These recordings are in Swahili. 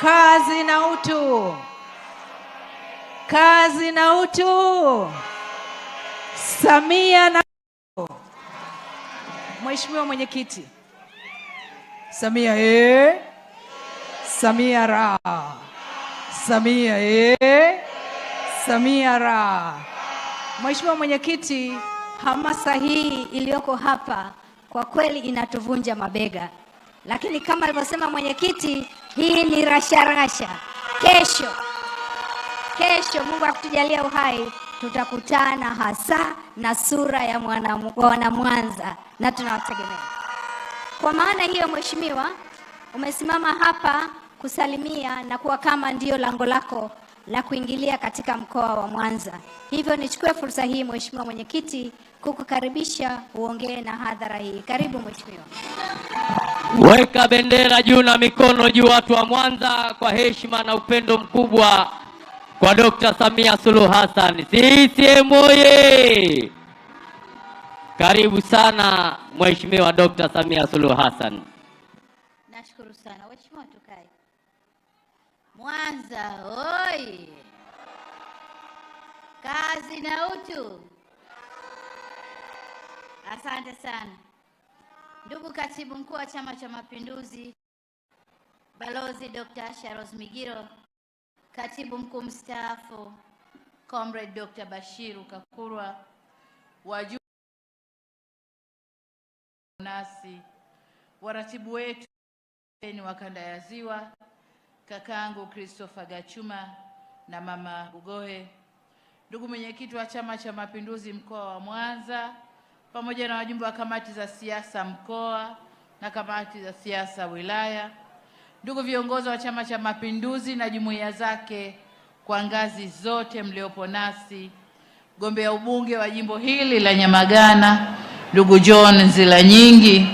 Kazi na utu, kazi na utu. Samia na Mheshimiwa Mwenyekiti Samia e, Samia ra, Samia e, Samia ra. Mheshimiwa Mwenyekiti, hamasa hii iliyoko hapa kwa kweli inatuvunja mabega, lakini kama alivyosema mwenyekiti hii ni rasharasha. Kesho kesho, Mungu akutujalia uhai, tutakutana hasa na sura ya wanamwanza na tunawategemea. Kwa maana hiyo, mheshimiwa, umesimama hapa kusalimia na kuwa kama ndiyo lango lako la kuingilia katika mkoa wa Mwanza. Hivyo nichukue fursa hii mheshimiwa mwenyekiti, kukukaribisha uongee na hadhara hii. Karibu mheshimiwa. Weka bendera juu na mikono juu, watu wa Mwanza, kwa heshima na upendo mkubwa kwa Dr. Samia Suluhu Hassan. CCM oye! Karibu sana Mheshimiwa Dr. Samia Suluhu Hassan. Nashukuru sana Mheshimiwa, tukae. Mwanza oye! Kazi na utu. Asante sana. Ndugu katibu mkuu wa Chama cha Mapinduzi Balozi Dr. Asha Rose Migiro, katibu mkuu mstaafu Comrade Dr. Bashiru Kakurwa, wajumbe nasi, waratibu wetu wa kanda ya Ziwa, kakaangu Christopher Gachuma na mama Bugohe, ndugu mwenyekiti wa Chama cha Mapinduzi mkoa wa Mwanza pamoja na wajumbe wa kamati za siasa mkoa na kamati za siasa wilaya, ndugu viongozi wa Chama cha Mapinduzi na jumuiya zake kwa ngazi zote mliopo nasi, gombea ubunge wa jimbo hili la Nyamagana ndugu John nyingi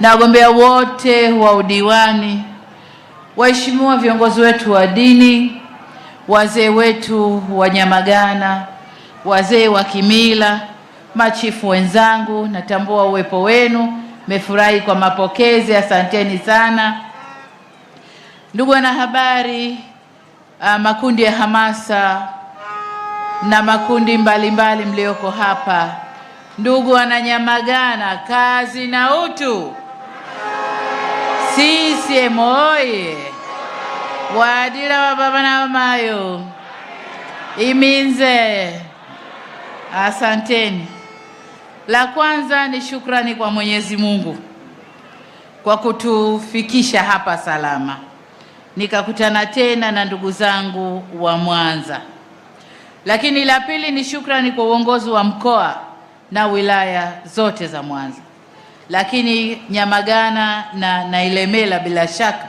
na wagombea wote wa udiwani, waheshimiwa viongozi wetu wa dini, wazee wetu wa Nyamagana, wazee wa kimila machifu wenzangu, natambua uwepo wenu, mefurahi kwa mapokezi, asanteni sana. Ndugu wanahabari, uh, makundi ya hamasa na makundi mbalimbali mlioko hapa, ndugu Wananyamagana, kazi na utu. CCM oye! Wadira wa baba na mayo iminze, asanteni. La kwanza ni shukrani kwa Mwenyezi Mungu kwa kutufikisha hapa salama, nikakutana tena na ndugu zangu wa Mwanza. Lakini la pili ni shukrani kwa uongozi wa mkoa na wilaya zote za Mwanza, lakini Nyamagana na Nailemela bila shaka,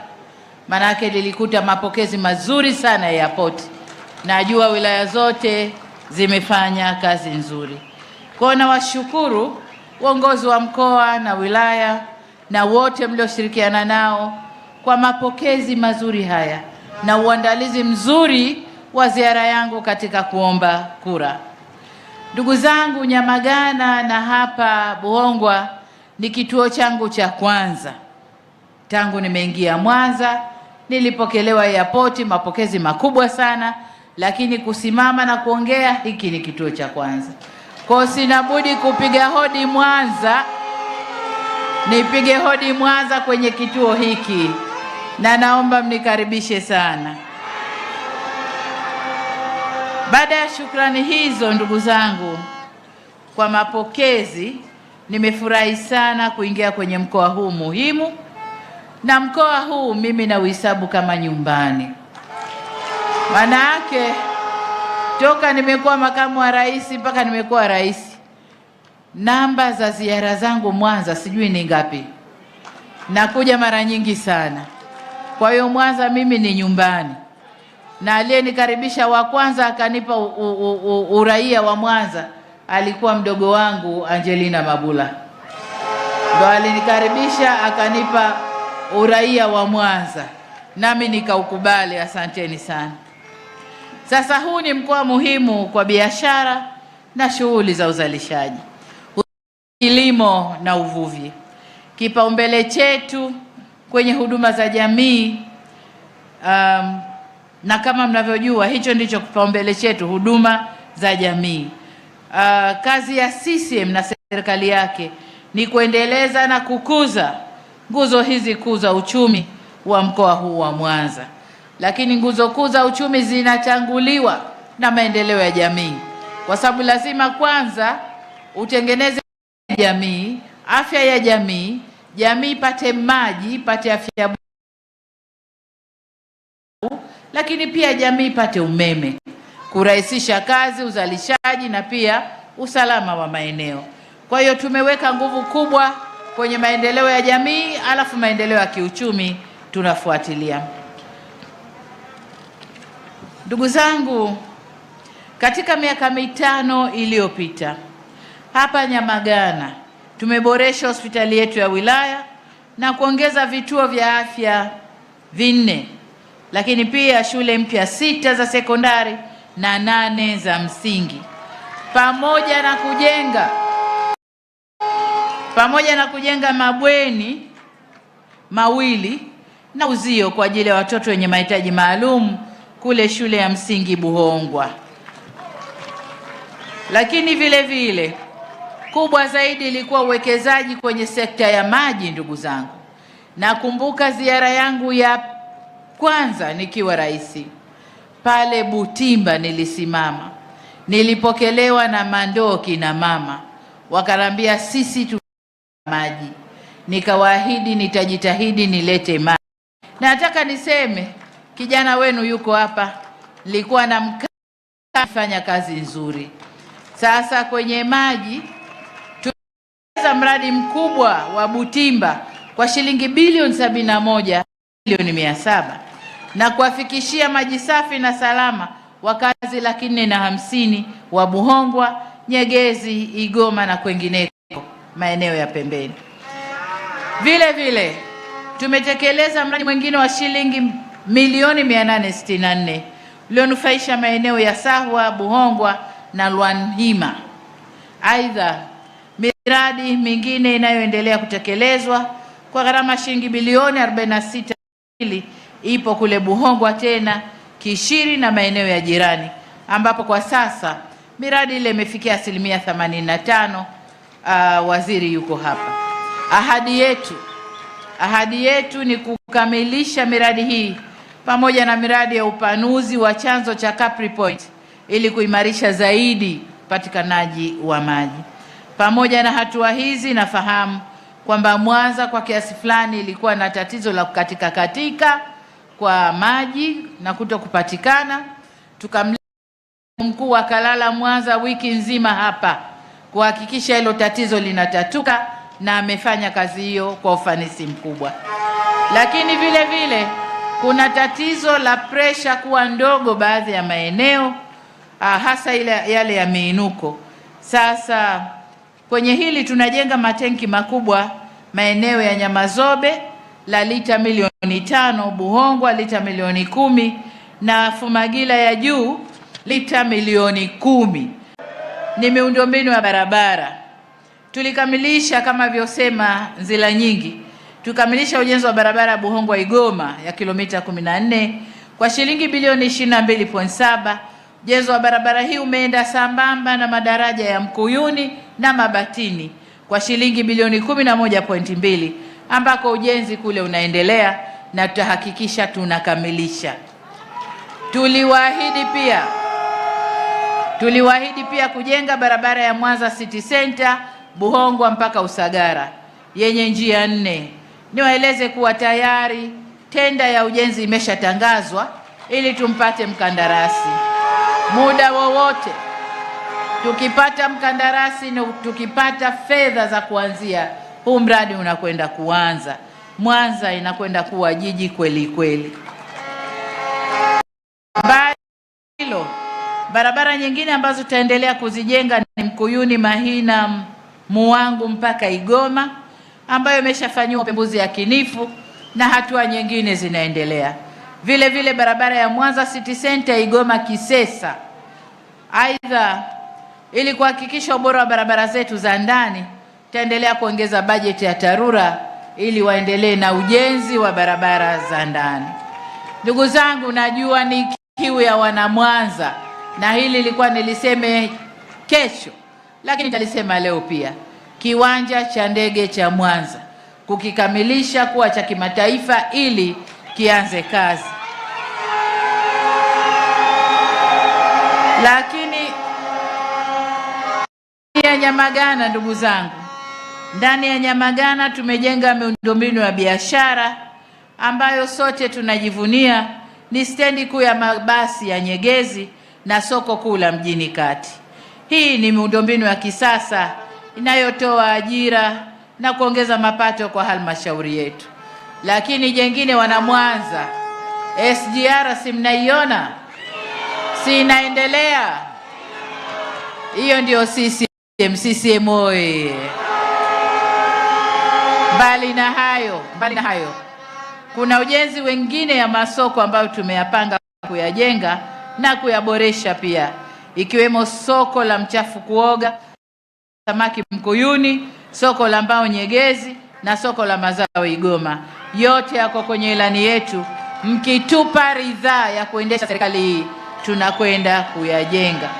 maanake lilikuta mapokezi mazuri sana ya poti. Najua wilaya zote zimefanya kazi nzuri. Kwa nawashukuru uongozi wa mkoa na wilaya na wote mlioshirikiana nao kwa mapokezi mazuri haya na uandalizi mzuri wa ziara yangu katika kuomba kura. Ndugu zangu, Nyamagana na hapa Buhongwa ni kituo changu cha kwanza tangu nimeingia Mwanza. Nilipokelewa airport, mapokezi makubwa sana, lakini kusimama na kuongea, hiki ni kituo cha kwanza. Kwa sina budi kupiga hodi Mwanza, nipige hodi Mwanza kwenye kituo hiki, na naomba mnikaribishe sana. Baada ya shukrani hizo, ndugu zangu, kwa mapokezi, nimefurahi sana kuingia kwenye mkoa huu muhimu, na mkoa huu mimi nauhesabu kama nyumbani, manaake yake toka nimekuwa makamu wa rais mpaka nimekuwa rais, namba za ziara zangu Mwanza sijui ni ngapi. Nakuja mara nyingi sana, kwa hiyo Mwanza mimi ni nyumbani, na aliyenikaribisha wa kwanza akanipa uraia wa Mwanza alikuwa mdogo wangu Angelina Mabula, ndo alinikaribisha akanipa uraia wa Mwanza, nami nikaukubali. Asanteni sana. Sasa huu ni mkoa muhimu kwa biashara na shughuli za uzalishaji, kilimo na uvuvi. Kipaumbele chetu kwenye huduma za jamii um, na kama mnavyojua hicho ndicho kipaumbele chetu, huduma za jamii. Uh, kazi ya CCM na serikali yake ni kuendeleza na kukuza nguzo hizi kuu za uchumi wa mkoa huu wa Mwanza lakini nguzo kuu za uchumi zinatanguliwa na maendeleo ya jamii, kwa sababu lazima kwanza utengeneze jamii, afya ya jamii, jamii ipate maji, ipate afya lakini pia jamii ipate umeme, kurahisisha kazi, uzalishaji na pia usalama wa maeneo. Kwa hiyo tumeweka nguvu kubwa kwenye maendeleo ya jamii, alafu maendeleo ya kiuchumi tunafuatilia. Ndugu zangu, katika miaka mitano iliyopita hapa Nyamagana tumeboresha hospitali yetu ya wilaya na kuongeza vituo vya afya vinne, lakini pia shule mpya sita za sekondari na nane za msingi pamoja na kujenga pamoja na kujenga mabweni mawili na uzio kwa ajili ya watoto wenye mahitaji maalum kule shule ya msingi Buhongwa. Lakini vile vile kubwa zaidi ilikuwa uwekezaji kwenye sekta ya maji. Ndugu zangu, nakumbuka ziara yangu ya kwanza nikiwa rais pale Butimba, nilisimama nilipokelewa na mandoo kina mama, wakanambia sisi tu maji. Nikawaahidi nitajitahidi nilete maji. Nataka niseme Kijana wenu yuko hapa, nilikuwa na mkafanya kazi nzuri. Sasa kwenye maji tumeanza mradi mkubwa wa Butimba kwa shilingi bilioni sabini na moja milioni mia saba na kuwafikishia maji safi na salama wakazi laki nne na hamsini wa Buhongwa, Nyegezi, Igoma na kwengineko maeneo ya pembeni. Vile vile tumetekeleza mradi mwingine wa shilingi milioni 864 ulionufaisha maeneo ya Sahwa, Buhongwa na Lwanhima. Aidha, miradi mingine inayoendelea kutekelezwa kwa gharama shilingi bilioni 46 ipo kule Buhongwa tena Kishiri na maeneo ya jirani, ambapo kwa sasa miradi ile imefikia asilimia 85. Uh, waziri yuko hapa. Ahadi yetu, ahadi yetu ni kukamilisha miradi hii pamoja na miradi ya upanuzi wa chanzo cha Capri Point ili kuimarisha zaidi upatikanaji wa maji. Pamoja na hatua hizi, nafahamu kwamba Mwanza kwa kiasi fulani ilikuwa na tatizo la kukatika katika kwa maji na kuto kupatikana. Tukamleta mkuu akalala Mwanza wiki nzima hapa kuhakikisha hilo tatizo linatatuka, na amefanya kazi hiyo kwa ufanisi mkubwa, lakini vile vile kuna tatizo la presha kuwa ndogo baadhi ya maeneo ah, hasa ile yale ya miinuko. Sasa kwenye hili tunajenga matenki makubwa maeneo ya Nyamazobe la lita milioni tano, Buhongwa lita milioni kumi na Fumagila ya juu lita milioni kumi. Ni miundombinu ya barabara tulikamilisha kama vyosema nzila nyingi tukamilisha ujenzi wa barabara ya Buhongwa Igoma ya kilomita 14 kwa shilingi bilioni 22.7. Ujenzi wa barabara hii umeenda sambamba na madaraja ya Mkuyuni na Mabatini kwa shilingi bilioni 11.2, ambako ujenzi kule unaendelea na tutahakikisha tunakamilisha. Tuliwaahidi pia tuliwaahidi pia kujenga barabara ya Mwanza City Center Buhongwa mpaka Usagara yenye njia nne niwaeleze kuwa tayari tenda ya ujenzi imeshatangazwa ili tumpate mkandarasi muda wowote. Tukipata mkandarasi na tukipata fedha za kuanzia, huu mradi unakwenda kuanza. Mwanza inakwenda kuwa jiji kweli kweli. Mbali hilo, barabara nyingine ambazo tutaendelea kuzijenga ni Mkuyuni, Mahina, Muwangu mpaka Igoma ambayo imeshafanyiwa upembuzi yakinifu na hatua nyingine zinaendelea. Vile vile barabara ya Mwanza City Center Igoma Kisesa. Aidha, ili kuhakikisha ubora wa barabara zetu za ndani, taendelea kuongeza bajeti ya TARURA ili waendelee na ujenzi wa barabara za ndani. Ndugu zangu, najua ni kiu ya wanamwanza na hili lilikuwa niliseme kesho, lakini nitalisema leo pia kiwanja cha ndege cha Mwanza kukikamilisha kuwa cha kimataifa ili kianze kazi. Lakini ya Nyamagana, ndugu zangu, ndani ya Nyamagana tumejenga miundombinu ya biashara ambayo sote tunajivunia ni stendi kuu ya mabasi ya Nyegezi na soko kuu la mjini kati. Hii ni miundombinu ya kisasa inayotoa ajira na kuongeza mapato kwa halmashauri yetu. Lakini jengine, wanamwanza, SGR si mnaiona, si inaendelea? Hiyo ndio CCM. CCM oye! Mbali na hayo, mbali na hayo, kuna ujenzi wengine ya masoko ambayo tumeyapanga kuyajenga na kuyaboresha pia, ikiwemo soko la mchafu kuoga samaki Mkuyuni, soko la mbao Nyegezi na soko la mazao Igoma. Yote yako kwenye ilani yetu. Mkitupa ridhaa ya kuendesha serikali hii, tunakwenda kuyajenga.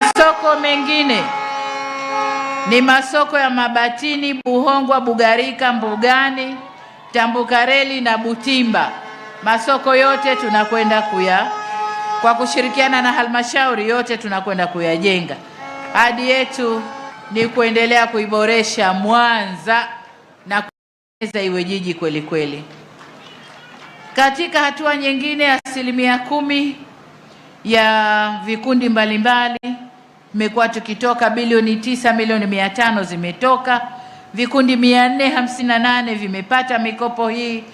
Masoko mengine ni masoko ya Mabatini, Buhongwa, Bugarika, Mbugani, Tambukareli na Butimba. Masoko yote tunakwenda kuya, kwa kushirikiana na halmashauri yote tunakwenda kuyajenga. Ahadi yetu ni kuendelea kuiboresha Mwanza na kuendeleza iwe jiji kweli kweli. Katika hatua nyingine, asilimia kumi ya vikundi mbalimbali imekuwa tukitoka, bilioni tisa milioni mia tano zimetoka, vikundi mia nne hamsini na nane vimepata mikopo hii.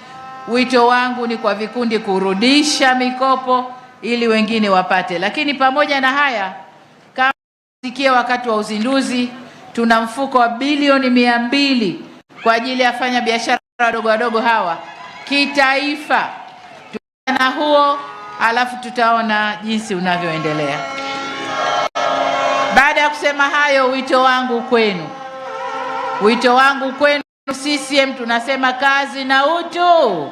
Wito wangu ni kwa vikundi kurudisha mikopo ili wengine wapate, lakini pamoja na haya tumefikia wakati wa uzinduzi, tuna mfuko wa bilioni mia mbili kwa ajili ya fanya biashara wadogo wadogo hawa kitaifa. Na huo alafu tutaona jinsi unavyoendelea. Baada ya kusema hayo, wito wangu kwenu, wito wangu kwenu, CCM tunasema kazi na utu.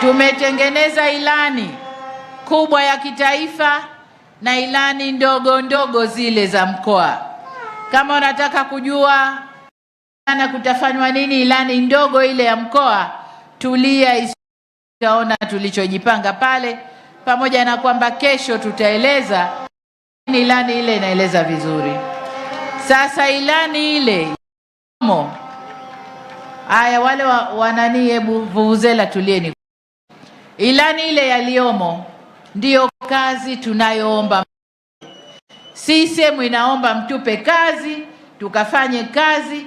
Tumetengeneza ilani kubwa ya kitaifa na ilani ndogo ndogo zile za mkoa. Kama unataka kujua na kutafanywa nini, ilani ndogo ile ya mkoa, tulia, utaona tulichojipanga pale, pamoja na kwamba kesho tutaeleza ilani ile inaeleza vizuri. Sasa ilani ile mo haya, wale wa, wanani, hebu vuvuzela, tulieni. Ilani ile yaliyomo ndiyo kazi tunayoomba. CCM inaomba mtupe kazi, tukafanye kazi,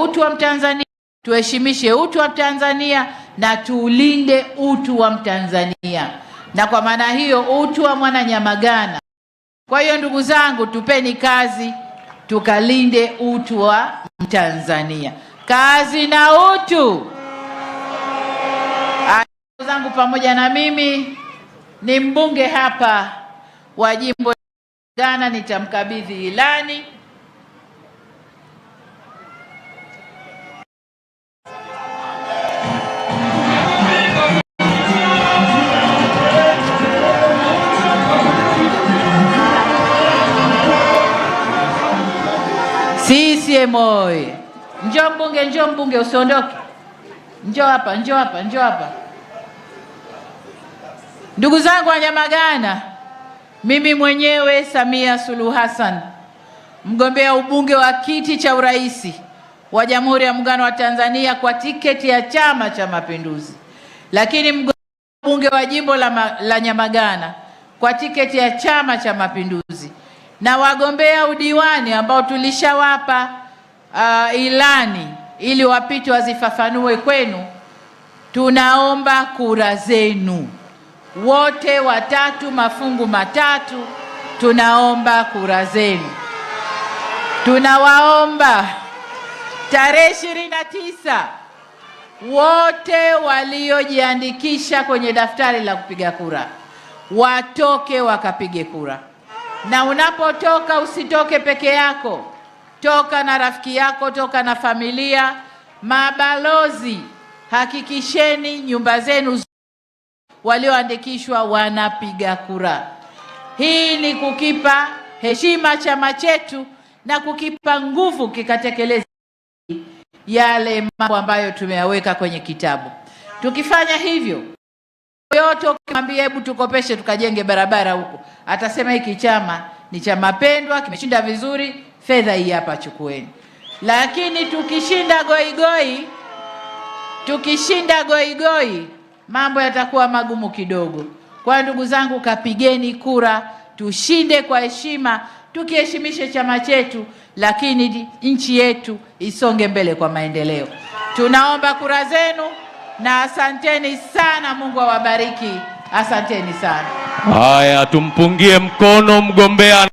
utu wa Mtanzania, tuheshimishe utu wa Mtanzania na tuulinde utu wa Mtanzania, na kwa maana hiyo utu wa Mwananyamagana. Kwa hiyo ndugu zangu, tupeni kazi tukalinde utu wa Mtanzania. Kazi na utu zangu pamoja na mimi ni mbunge hapa wa jimbo Ghana, nitamkabidhi ilani CCM Njoo mbunge, njoo mbunge, usiondoke. Njoo hapa, njoo hapa, njoo hapa. Ndugu zangu wa Nyamagana, mimi mwenyewe Samia Suluhu Hassan, mgombea ubunge wa kiti cha urais wa Jamhuri ya Muungano wa Tanzania kwa tiketi ya Chama cha Mapinduzi, lakini mgombea ubunge wa jimbo la, la Nyamagana kwa tiketi ya Chama cha Mapinduzi na wagombea udiwani ambao tulishawapa uh, ilani ili wapite wazifafanue kwenu, tunaomba kura zenu wote watatu mafungu matatu, tunaomba kura zenu. Tunawaomba tarehe ishirini na tisa wote waliojiandikisha kwenye daftari la kupiga kura watoke wakapige kura, na unapotoka usitoke peke yako, toka na rafiki yako, toka na familia. Mabalozi, hakikisheni nyumba zenu walioandikishwa wanapiga kura. Hii ni kukipa heshima chama chetu na kukipa nguvu kikatekeleza yale mambo ambayo tumeyaweka kwenye kitabu. Tukifanya hivyo yote, ukimwambia hebu tukopeshe tukajenge barabara huko, atasema hiki chama ni cha mapendwa, kimeshinda vizuri, fedha hii hapa chukueni. Lakini tukishinda goigoi, tukishinda goigoi mambo yatakuwa magumu kidogo. Kwa hiyo ndugu zangu, kapigeni kura, tushinde kwa heshima, tukiheshimishe chama chetu, lakini nchi yetu isonge mbele kwa maendeleo. Tunaomba kura zenu na asanteni sana. Mungu awabariki, asanteni sana. Haya, tumpungie mkono mgombea.